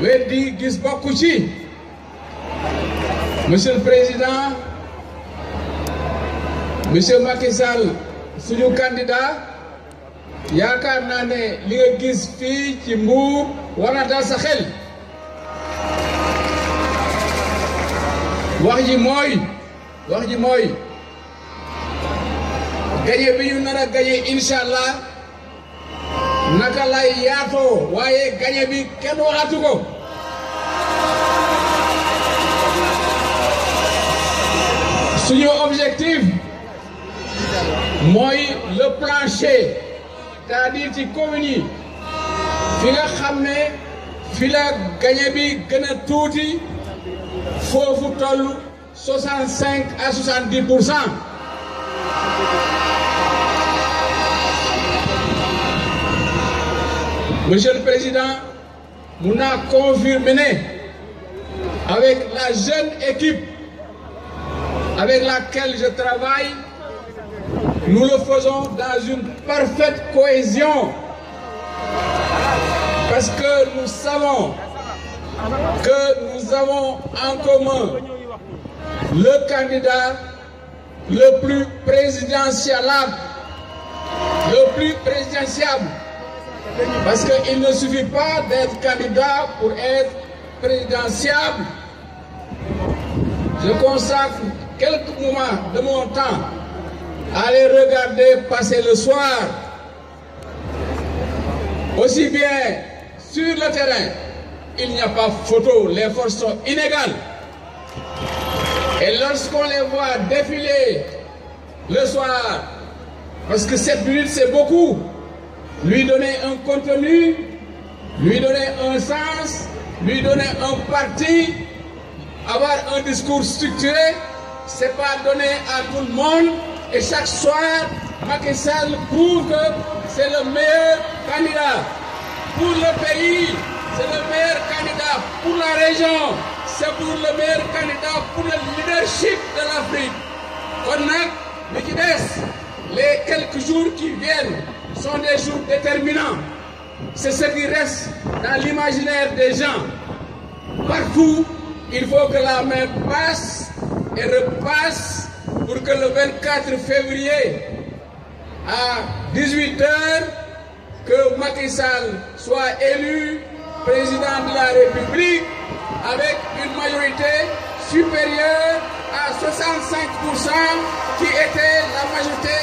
weddi gis bokku ci monsieur le président monsieur Macky suñu candidat yaakaar naa ne li nga gis fii ci Mbour war na dal sa xel wax ji mooy wax ji mooy gañe bi ñu nar a gañe incha naka lay yaatoo waye gagné bi kenn waxatu suñu objectif moy le plancher c'est-à-dire ci commune fi nga xamné fi la gagné bi gëna touti fofu tollu 65 à 70 Monsieur le Président, nous avons confirmé avec la jeune équipe avec laquelle je travaille, nous le faisons dans une parfaite cohésion parce que nous savons que nous avons en commun le candidat le plus présidentialable, le plus présidentiable parce qu'il ne suffit pas d'être candidat pour être présidentiable. Je consacre quelques moments de mon temps à les regarder passer le soir, aussi bien sur le terrain, il n'y a pas photo, les forces sont inégales. Et lorsqu'on les voit défiler le soir, parce que cette minutes c'est beaucoup, lui donner un contenu, lui donner un sens, lui donner un parti, avoir un discours structuré, c'est pas donné à tout le monde. Et chaque soir, Macky Sall prouve que c'est le meilleur candidat pour le pays, c'est le meilleur candidat pour la région, c'est pour le meilleur candidat pour le leadership de l'Afrique. On a, les quelques jours qui viennent, sont des jours déterminants. C'est ce qui reste dans l'imaginaire des gens. Partout, il faut que la main passe et repasse pour que le 24 février, à 18h, que Macky Sall soit élu président de la République avec une majorité supérieure à 65% qui était la majorité